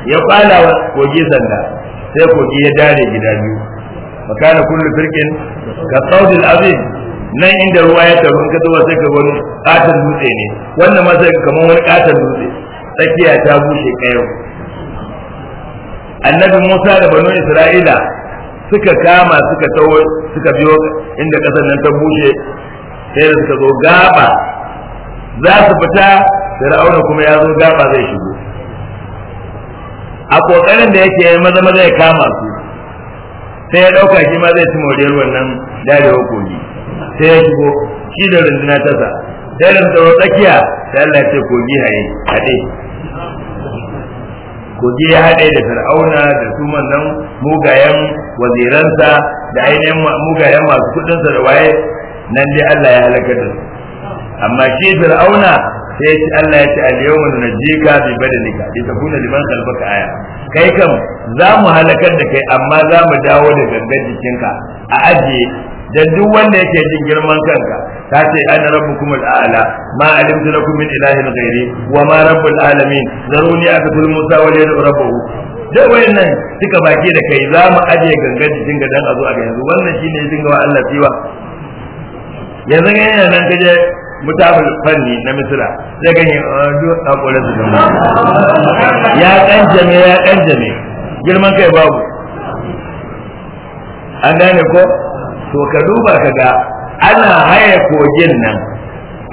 ya kwala kogi sanda sai kogi ya dare gida biyu makana kullu firkin ka al azim nan inda ruwa ya taru ka zuwa sai ka wani katon dutse ne wannan ma sai kamar wani katon dutse tsakiya ta bushe kayo annabi Musa da banu Isra'ila suka kama suka tawo suka biyo inda kasar nan ta bushe sai da suka zo gaba za su fita fir'auna kuma ya zo gaba zai shigo a kokarin da yake yi maza maza ya kama su sai ya dauka shi ma zai ci moriyar wannan darewa kogi sai ya shigo shi da rundunar tasa sai da tsaro tsakiya da Allah ce kogi haye haɗe kogi ya haɗe da fir'auna da su nan mugayen waziransa da ainihin mugayen masu kuɗinsa da waye nan dai Allah ya halakar da su amma shi fir'auna sai ya ce Allah ya ce al-yawma nunjika bi badanika li takuna liman khalfaka aya kai kam za mu halakar da kai amma za mu dawo da gangan jikinka a ajiye dan duk wanda yake jin girman kanka ta ce ana rabbukum al'ala ma alimtu lakum min ilahin ghairi wa ma rabbul alamin zaruni akatul musa wa yadu rabbuhu da wayannan duka baki da kai za mu aje gangan jikin ga dan a zo a ga yanzu wannan shine jin wa Allah siwa yanzu ga yana nan kaje mutafil fanni na misira zai gani ah, a kolar su ya ƙanjame, ya ƙanjame. girman kai babu an gane ko to ka duba ka ga ana haya kogin nan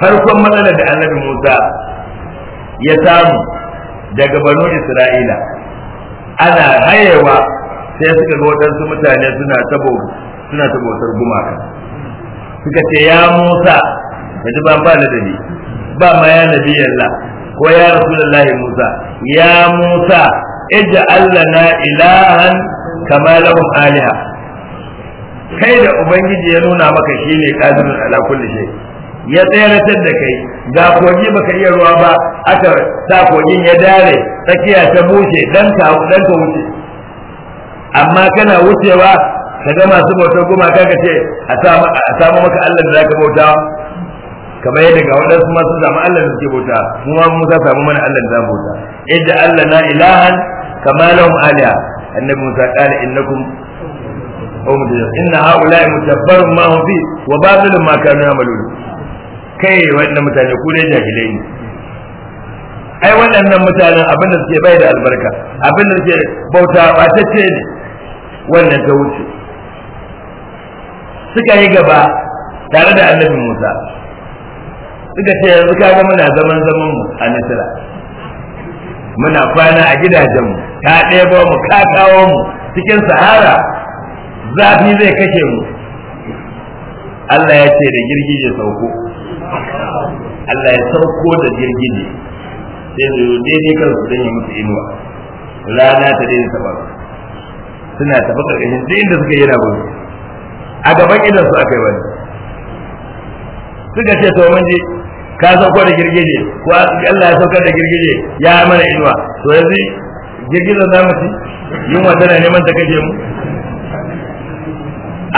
farkon matsalar da annabi musa ya samu daga banu isra'ila ana hayewa sai suka ga waɗansu mutane suna tabo suna tabotar gumaka suka ce ya musa yanzu ba ba dani ba ma ya nabi yalla ko ya rasulullahi Musa ya Musa ij'al lana ilahan kama lahum aliha kai da ubangiji ya nuna maka shine qadirun ala kulli shay ya tsayaratar da kai ga kogi baka iya ruwa ba aka sa kogin ya dare tsakiya ta bushe dan ka dan ka wuce amma kana wucewa ka ga masu bautar gumaka ka ce a samu maka Allah da zaka bauta kamar yadda ga waɗansu masu samu Allah da suke bauta mu ma Musa samu mana Allah da za bauta idda Allah na ilahan kama lahum aliha annabi Musa qala innakum qawmun tajhalun inna haula'i mutabbarun ma hum fi wa batilun ma kanu yamalun kai wannan mutane ku ne jahilai ne ai waɗannan mutanen abin da suke bai da albarka abin da suke bauta ba ta ce ne wannan ta wuce suka yi gaba tare da annabi Musa suka ce yanzu kaga muna zaman zaman mu a Misira muna kwana a gidajen mu ka ɗebo mu ka kawo mu cikin sahara zafi zai kashe mu Allah ya ce da girgije sauko Allah ya sauko da girgije sai su yi daidai kan su yi musu inuwa rana ta daidai taɓa suna tafi ƙarƙashin duk inda suka yi na gudu a gaban idan su aka yi wani suka ce to mun je ka sauko da girgije ko Allah ya saukar da girgije ya mana inuwa to yanzu girgizar za mu ci yunwa tana neman ta kaje mu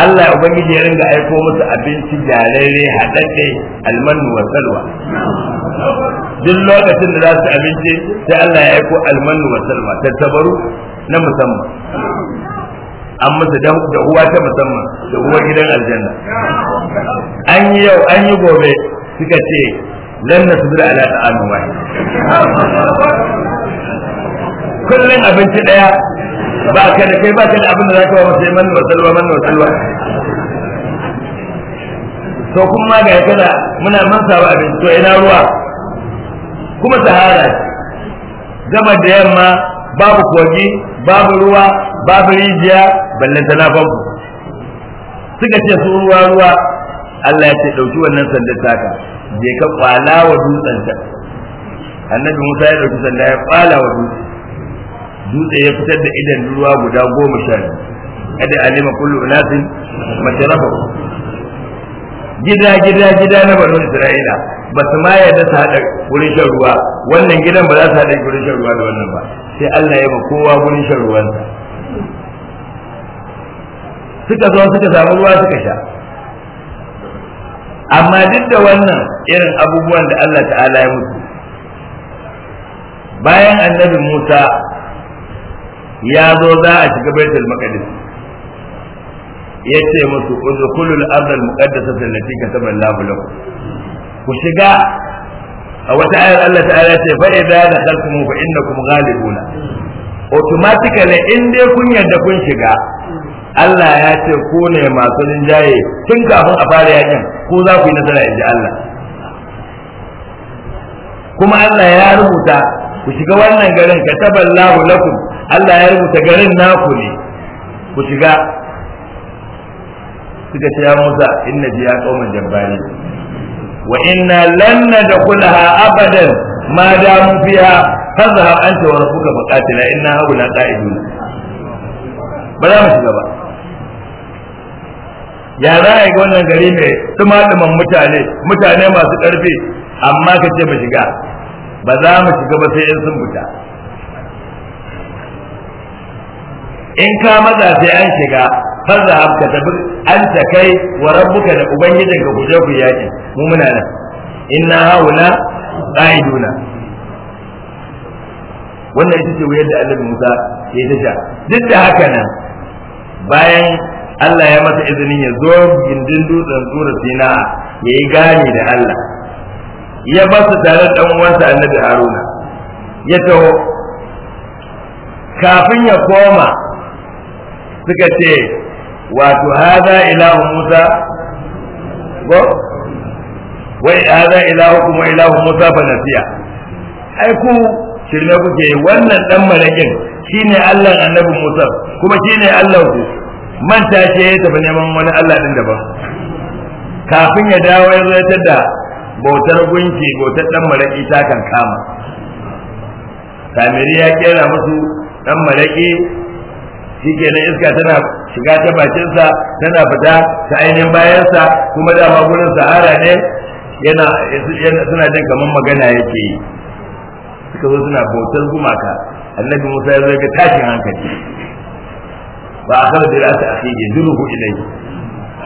Allah ya ubangiji ya ringa aiko musu abinci jarere haɗaɗɗe almanu wa salwa duk lokacin da za su abinci sai Allah ya aiko almanu wa salwa tattabaru na musamman an musu da uwa ta musamman da uwa gidan aljanna an yi yau an yi gobe suka ce lan nasbir ala ta'amin wahid kullun abinci daya ba ka da kai ba ka da abin da zaka wa sai man wa salwa man wa salwa to kuma ga kada muna ba abin to ina ruwa kuma sahara gaba da yamma babu kogi babu ruwa babu rijiya ta nafa ku suka ce su ruwa ruwa Allah ya ce dauki wannan sandar taka je ka kwala wa dutsen ta annabi Musa ya dauki sanda ya kwala wa Dutsen dutse ya fitar da idan ruwa guda goma sha biyu kada alima kullu unasin mashrabu gida gida gida na banu Isra'ila ba su ma yadda su haɗa wurin shan ruwa wannan gidan ba za su haɗa wurin shan ruwa da wannan ba sai Allah ya ba kowa wurin shan ruwansa suka zo suka samu ruwa suka sha amma duk da wannan irin abubuwan da Allah ta'ala ya mutu bayan annabi Musa ya zo za a shiga baitul maqdis ya ce musu udkhulul ardal muqaddasata allati kataba Allah lakum ku shiga a wata ayar Allah ta'ala ce fa idza dakhaltum fa innakum ghalibuna automatically in dai kun yarda kun shiga Allah ya ce ku ne masu linjaye tun kafin a fara yakin ko za ku yi nasara in ji Allah kuma Allah ya rubuta ku shiga wannan garin ka taballahu lakum Allah ya rubuta garin naku ne ku shiga suka ce ya Musa inna ji ya kauman jabbari wa inna lan nadkhulaha abadan ma damu fiha fazhab anta wa rabbuka faqatila inna haula qa'idun ba za mu shiga ba ya za a yi wannan gari mai tumatuman mutane mutane masu ƙarfi amma ka ce mu shiga ba za mu shiga ba sai in sun fita in ka maza sai an shiga faza ta tafi an ta kai wa rabbuka da ubangijin ka guje ku yaki mu muna nan inna haula qaiduna wannan ita ce wayar da Allah Musa ya ta duk da haka nan bayan Allah ya masa izinin ya zo gindin dutsen tsura sina ya yi gane da Allah ya ba su tare da uwansa annabi haruna ya taho kafin ya koma suka ce wato haza ilahu musa ko wai haza ilahu kuma ilahu musa fa nasiya ai ku shirme kuke wannan dan malakin shine Allah annabi musa kuma shine Allah ku manta ce ya tafi neman wani Allah din daban kafin ya dawo ya zo da bautar gunki bautar dan maraki ta kan kama kamiri ya kera musu dan maraki shikenan iska tana shiga ta bakinsa tana fita ta ainihin bayansa kuma dama gurin sahara ne yana suna jin kamar magana yake yi suka zo suna bautar gumaka annabi musa ya zo ga tashin hankali ba a kan zira ta ake yi zurhu ilai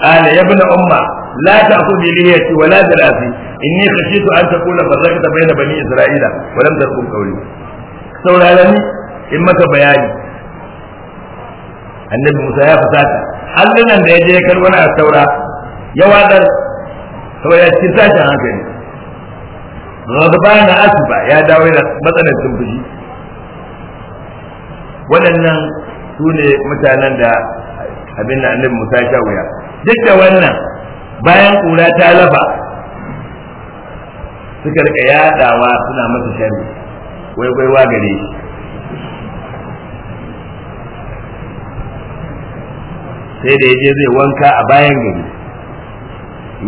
ala ya bina umma la ta aku bi lihiyati wa la dalafi inni khashitu an takuna farraqata bayna bani isra'ila wa lam tarqum qawli saurarani in maka bayani annabi musa ya fasata allunan da ya je kar wani a saura ya wadar cikin hankali ghadbana asba ya dawo da matsanancin fushi su ne mutanen da abin da annabi musa ya wuya duk da wannan bayan kura ta lafa suka rika yadawa suna masa sharri wai wa gare shi sai da yaje zai wanka a bayan gari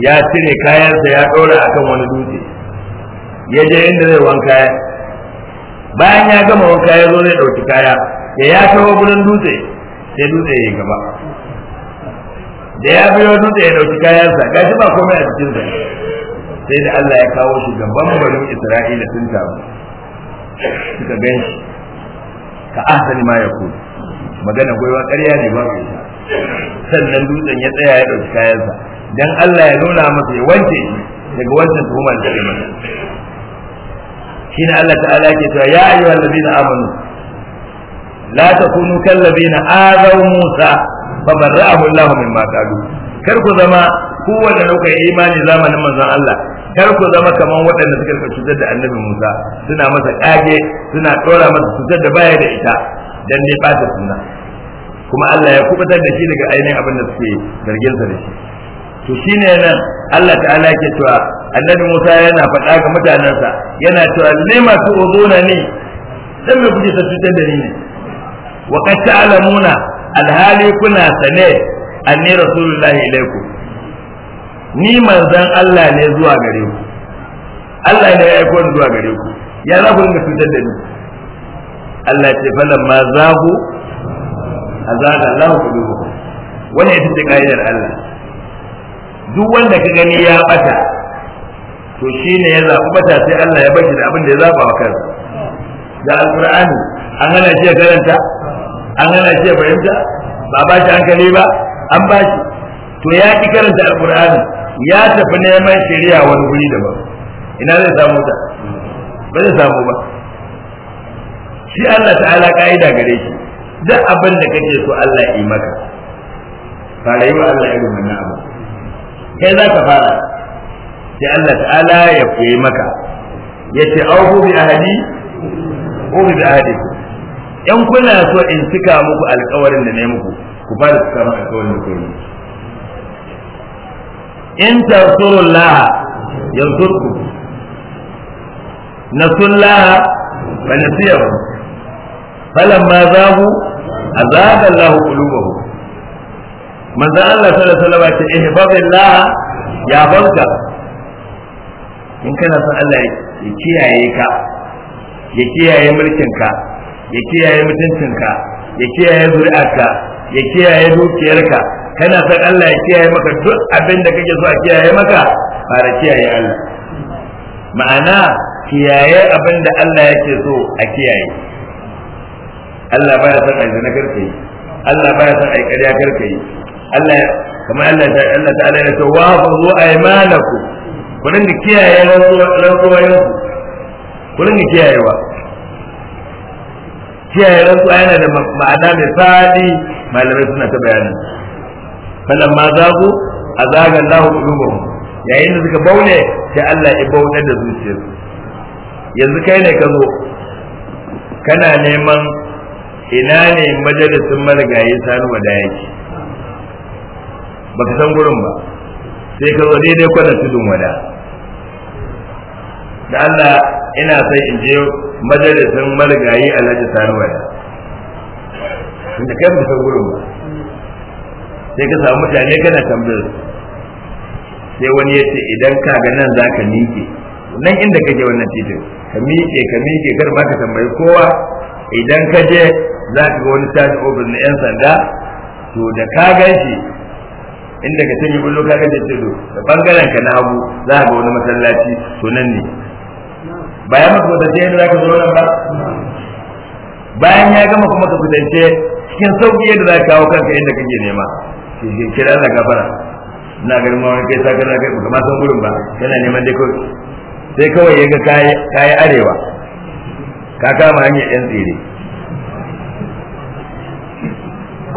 ya cire kayansa ya ɗora akan wani dutse ya je inda zai wanka bayan ya gama wanka ya zo zai ɗauki kaya da ya taho gurin dutse sai dutse ya gaba da ya biyo dutse ya dauki kayansa shi ba komai a cikin sa sai da Allah ya kawo shi gaban barin Isra'ila sun taru suka gan shi ka ahsani ma ya kudu magana gwaiwa ƙarya ne ba ku sannan dutsen ya tsaya ya dauki kayansa dan Allah ya nuna masa ya wanke daga wancan tuhumar da ya masa shine Allah ta'ala ke cewa ya ayyuhal ladina amanu la takunu kallabina azaw Musa fa barra'ahu Allah mimma qalu kar ku zama ku wanda kuka yi imani zamanin manzon Allah kar ku zama kaman waɗanda suka cutar da annabi Musa suna masa kage suna dora masa cutar da baya da ita dan ne ba ta kuma Allah ya kubutar da shi daga ainihin abin da suke zargin sa da shi to shine nan Allah ta'ala yake cewa annabi Musa yana faɗa ga mutanansa, yana cewa zo na ni dan me kuke cutar da ni ne wa qad ta'lamuna alhali kuna sane anni rasulullahi ilaikum ni manzan Allah ne zuwa gare ku Allah ne ya aiko ni zuwa gare ku ya za ku dinga cutar da ni Allah ce falan ma zahu azaga Allah qulubu Wani ita ce kayyar Allah duk wanda ka gani ya bata to shine ya zaɓi bata sai Allah ya bashi da abin da ya zaba wa kansa da alqur'ani an hana shi ya karanta an hana shi ya fahimta ba ba shi hankali ba an ba shi to ya ki karanta alkur'ani ya tafi neman shari'a wani guri daban ina zai samu ta ba zai samu ba shi Allah ta'ala ka'ida gare shi duk abin da kake so Allah ya yi maka fara yi wa Allah irin wannan abu kai za ka fara sai Allah ta'ala ya koyi maka ya ce auhu bi ahadi auhu bi ahadi in kuna so in cika muku alkawarin da na yi muku ku ba da cika muku alkawarin da yi in Na tansurullah yansurku nasullah fa za falamma zahu azaba Allah ku Maza Allah sallallahu da wasallam ce ihfazillah ya banka in kana son Allah ya kiyaye ka ya kiyaye mulkin ka ya kiyaye mutuncinka ya kiyaye zuri'arka ya kiyaye dukiyarka kana san Allah ya kiyaye maka duk abin da kake so a kiyaye maka fara kiyaye Allah ma'ana kiyaye abin da Allah yake so a kiyaye Allah baya son ai zina karka Allah baya son ai ƙarya karka yi Allah kamar Allah ta Allah Allah ya ce wa fazu kun kullun kiyaye rantsuwayen ku kullun kiyayewa kiyaye su yana da ma'ana mai fadi malamai suna ta bayanin falan ma zagu a zagan lahu yayin da suka baune sai Allah ya baunar da zuciyarsu yanzu kai ne ka zo kana neman ina ne majalisin marigayi sanu da yake baka san gurin ba sai ka zo daidai kwanan tudun wada da Allah ina sai in je majalisin marigayi alhaji sanuwa inda kai musan gurin ba sai ka samu mutane kana tambayar sai wani ya ce idan ka ga nan za ka miƙe nan inda kake wannan titin ka miƙe ka miƙe kar ba ka tambayi kowa idan ka je za ka ga wani tashi ofis na 'yan sanda to da ka gan shi inda ka sanya bullo ka gaje ce to da bangaren ka na hagu za ka ga wani masallaci to nan ne ba ya maka wadance yadda ka zo nan ba bayan ya gama kuma ka fitance cikin sauƙi yadda za ka kawo kanka inda kake nema kira na gafara na ganin ma wani kai sa kana kai kuma san gurin ba kana neman dai kawai sai kawai ya ga kayi arewa ka kama hanyar yan tsere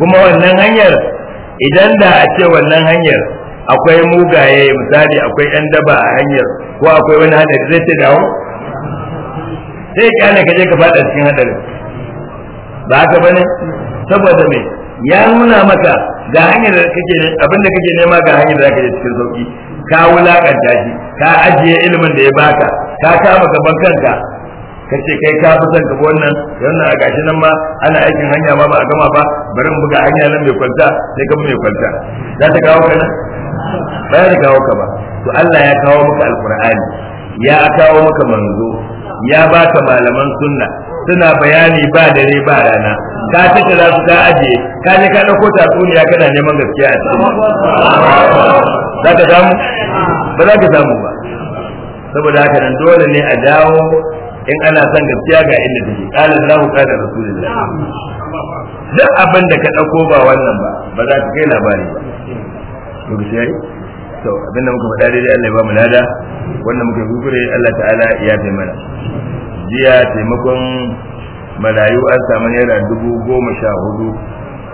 kuma wannan hanyar idan da a ce wannan hanyar akwai mugaye misali akwai yan daba a hanyar ko akwai wani hanyar zai ce dawo sai ka kyale ka je ka fada cikin hadarin ba ka bane saboda me ya nuna maka ga hanyar da kake abinda kake nema ga hanyar da kake cikin sauki ka wulakanta shi ka ajiye ilimin da ya baka ka kama gaban kanka ka ce kai ka fi son gaba wannan wannan a gashi nan ma ana aikin hanya ma ba a gama ba bari mu buga hanya nan mai kwanta sai ka mai kwanta za ta kawo ka nan ba ya kawo ka ba to Allah ya kawo maka alqur'ani ya kawo maka manzo ya ba ka malaman sunna suna bayani ba dare ba rana ka tace za su ka aje ka je ka ɗauko tatsuniya kana neman gaskiya a cikin za ka samu ba za ka samu ba saboda haka nan dole ne a dawo in ana son gaskiya ga inda take qala Allahu qala rasulullah duk abin da ka ɗauko ba wannan ba ba za ka kai labari ba to abin da muka faɗa daidai Allah ya ba mu lada wannan muke gugure Allah ta'ala ya fi mana jiya taimakon marayu an samu naira dubu goma sha hudu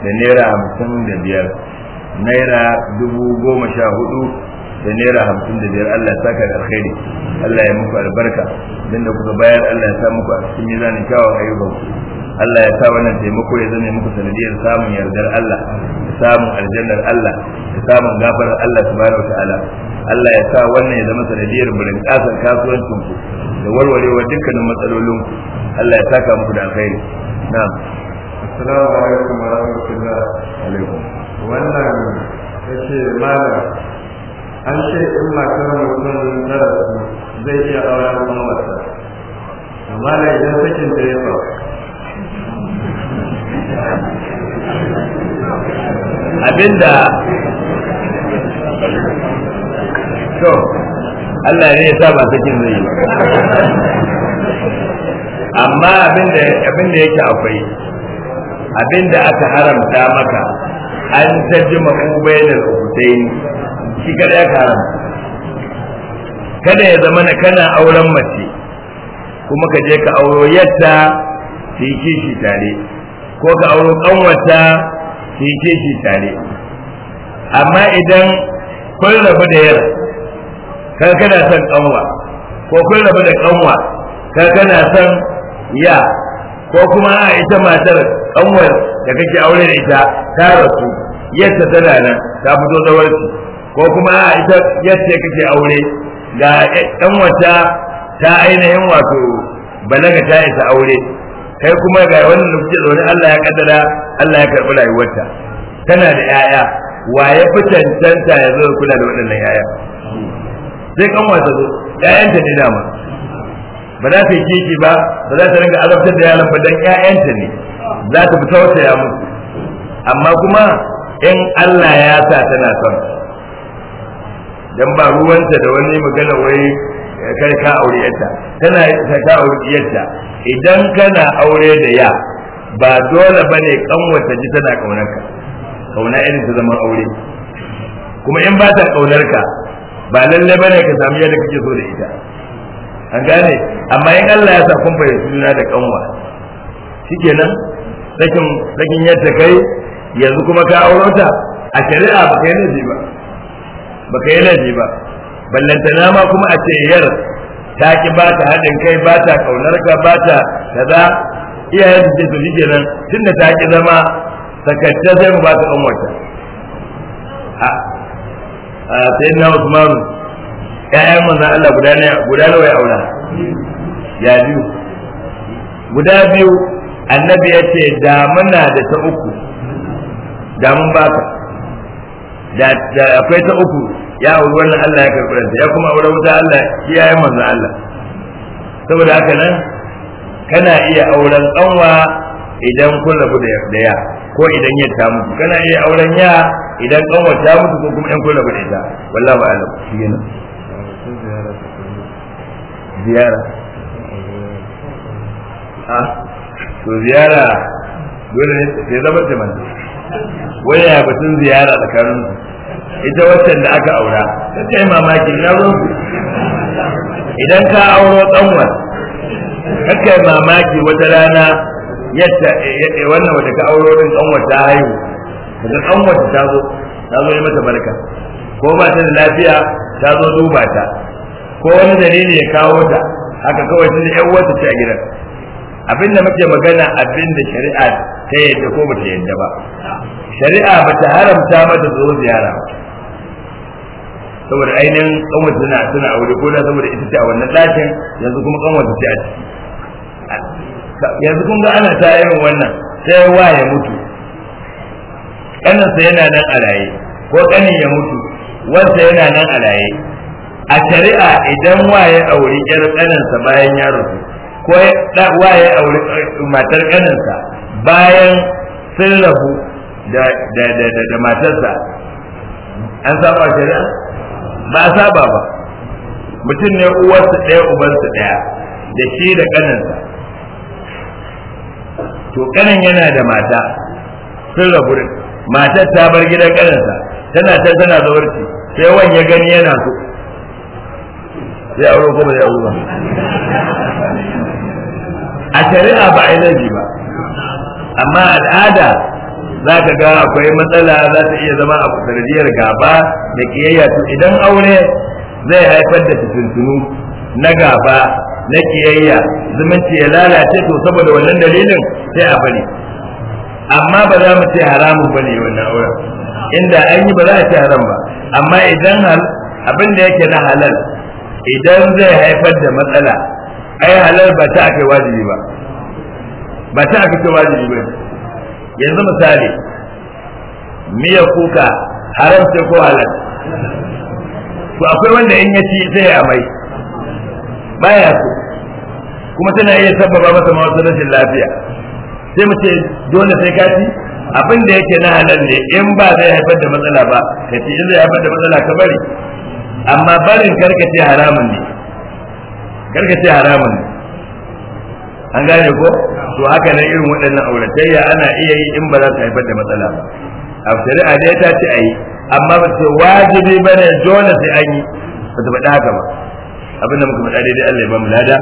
da naira hamsin da biyar naira dubu goma sha hudu da naira hamsin da biyar Allah ya saka da alkhairi Allah ya muku albarka don da kuka bayar Allah ya sa muku a cikin mizanin kyawun ayyukanku Allah ya sa wannan taimako ya zama muku sanadiyar samun yardar Allah da samun aljannar Allah da samun gafarar Allah subhanahu ta'ala Allah ya sa wannan ya zama sanadiyar burin kasar kasuwancin ku da warwarewa dukkanin matsalolin ku Allah ya saka muku da alkhairi na'am assalamu alaikum wa rahmatullahi alaikum wannan yace malam an ce in matar mutum zarafi zai iya auren umarsa amma da idan sakin da ya faru abinda to Allah ne ya sa ba kin zai yi amma abinda abinda yake akwai abinda aka haramta maka an taji makubai da rubutai shi kada ya karam. kada ya zama na kana auren mace kuma ka je ka auro yadda su yi kishi tare ko ka auro kanwata sai ke shi tare amma idan kun rabu da yar kan kana son kanwa ko kun rabu da kanwa kan kana son ya ko kuma a ita matar kanwar da kake aure da ita ta rasu yadda tana nan ta fito da warki ko kuma a ita yadda kake aure ga kanwata ta ainihin wato balaga ta isa aure kai kuma ga wannan da kuke zaune Allah ya kaddara Allah ya karɓi rayuwarta tana da yaya wa ya fi cancanta ya zo kula da waɗannan yaya sai kan wasa zo yayanta ne dama ba za ta yi kiki ba ba za ta ringa azabtar da yaran ba dan yayanta ne za ta fi ya musu amma kuma in Allah ya sa tana son dan ba ruwanta da wani magana wai kai ka aure yarta tana ta aure yarta idan kana aure da ya ba dole bane kanwata ji tana ka, kauna irin ta zama aure kuma in ba ta ka, ba lalle bane ka sami yadda kake so da ita an gane amma in Allah ya sa kun fahimci juna da kanwa shikenan sakin sakin yadda kai yanzu kuma ka aurota a shari'a ba kai laifi ba ba kai laifi ba ballantana ma kuma a ce yar ta ki ba ta haɗin kai ba ta kaunar ka ba ta kaza iyayen su ce to tun kenan ta ki zama sakacce sai mu ba ta ɗan wata a sai na Usman ƴaƴan manzon Allah guda ne guda nawa ya aura ya biyu guda biyu annabi ya ce da muna da ta uku da mun ka. da akwai ta uku ya auri wannan Allah ya karɓi ranta ya kuma aure wuta Allah shi ya yi manzon Allah saboda haka nan kana iya auren ɗanwa idan kun rabu da ya ko idan ya ta mutu kana iya auren ya idan ɗanwa ta mutu ko kuma in kun rabu da ita ba a'lam shi ne ziyara ha ah, to ziyara dole ne sai zama ta manzo waya batun ziyara tsakanin ita waccan da aka aura ta ce mamaki na zo idan ka auro tsanwar kakka mamaki wata rana yadda eh, eh, eh, wannan wata ka auro din tsanwar ta haihu daga tsanwar ta zo ta zo yi mata barka ko ba ta da lafiya ta zo duba ta ko wani dalili ya kawo ta haka kawai sun yan wata ce a gidan abin da muke magana abin da shari'a ta yadda ko bata yadda ba shari'a bata haramta mata zo ziyara ba saboda ainihin kanwa suna suna aure ko da saboda ita ce a wannan ɗakin yanzu kuma kanwa ta ce a ciki yanzu kun ga ana ta yin wannan sai wa ya mutu ƙaninsa yana nan a raye ko ƙanin ya mutu wansa yana nan a raye a shari'a idan wa ya aure ƴar ƙaninsa bayan ya rasu ko wa ya aure eh, matar kaninsa bayan sun rabu da matarsa an saba shari'a ba a saba ba mutum ne uwarsa ɗaya su ɗaya da shi da kaninsa to kanin yana da mata sun rabu matar ta bar gidan kaninsa tana ta tana zaurci sai wani ya gani yana so ya aure kuma ya aure a shari'a ba a yi laifi ba amma al'ada za ka ga akwai matsala za ta iya zama a sanadiyar gaba da kiyayya to idan aure zai haifar da fitintunu na gaba na kiyayya zumunci ya lalace to saboda wannan dalilin sai a bari amma ba za mu ce haramun ne wannan auren inda an yi ba za a ce haram ba amma idan abin da yake na halal idan zai haifar da matsala ai halal ba ta aka wajibi ba ba ta aka ce wajibi ba yanzu misali miya kuka haram ce ko halal to akwai wanda in ya ci ya amai baya so kuma tana iya sababa masa masu rashin lafiya sai mu ce dole sai ka ci abin da yake na halal ne in ba zai haifar da matsala ba ka ci in zai haifar da matsala ka bari amma barin karkace haramun ne karka ce haramun an gane ko to haka nan irin waɗannan auratayya ana iya yi in ba za su haifar da matsala ba a shari'a dai ta ce a yi amma ba ce wajibi bane dole sai an yi ba ta faɗi haka ba abinda muka faɗa daidai Allah ya bamu lada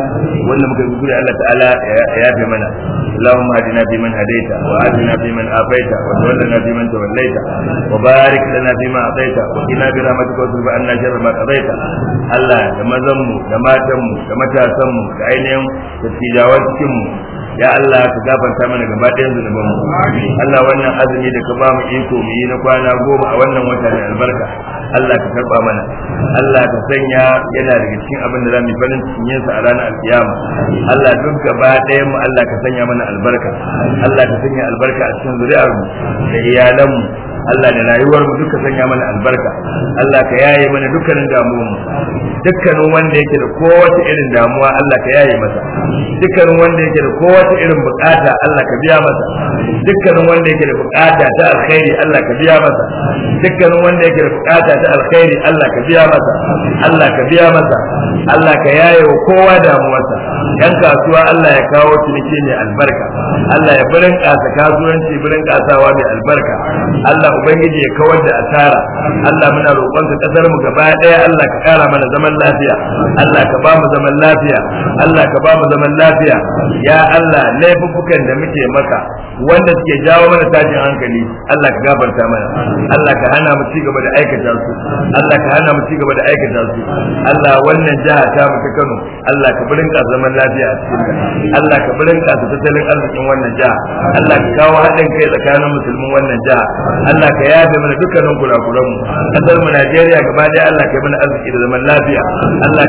wanda muka yi Allah ta'ala ya fi mana اللهم اهدنا فيمن هديت وعافنا فيمن عافيت وتولنا فيمن توليت وبارك لنا فيما اعطيت وقنا برحمتك واصرف عنا شر ما قضيت الله da mazanmu da matanmu da matasanmu da ainihin dattijawan cikinmu ya Allah ka gafarta mana gaba ɗayan zunuban mu Allah wannan azumi da ka ba mu iko mu yi na kwana goma a wannan wata mai albarka Allah ka karba mana Allah ka sanya yana daga cikin abin da zamu farin cikin sa a ranar alkiyama Allah duk gaba ɗayan mu Allah ka sanya mana albarka Allah ka sanya albarka a cikin zuri'ar mu da iyalan mu Allah da rayuwar mu duka sanya mana albarka Allah ka yaye mana dukkanin damuwa mu dukkanin wanda yake da kowace irin damuwa Allah ka yaye masa dukkanin wanda yake da kowace irin bukata Allah ka biya masa dukkanin wanda yake da bukata ta alkhairi Allah ka biya masa dukkanin wanda yake da bukata ta alkhairi Allah ka biya masa Allah ka biya masa Allah ka yaye wa kowa damuwarsa yan kasuwa Allah ya kawo ciniki mai albarka Allah ya birin kasa kasuwanci birin kasawa mai albarka Allah ubangiji ya kawar da asara Allah muna roƙon ka kasar mu gaba daya Allah ka kara mana zaman lafiya Allah ka ba mu zaman lafiya Allah ka ba mu zaman lafiya ya Allah laifukan da muke maka wanda suke jawo mana tashin hankali Allah ka gafarta mana Allah ka hana mu ci gaba da aikata su Allah ka hana mu ci gaba da aikata su Allah wannan jiha ta mu ta Kano Allah ka birin zaman lafiya a cikin Allah ka burin ka su tattalin arzikin wannan jiha Allah ka kawo haɗin kai tsakanin musulmin wannan jiha Allah ka yafe mana dukkanin kurakuran mu kasar mu Najeriya gaba ɗaya Allah ka yi mana arziki da zaman lafiya Allah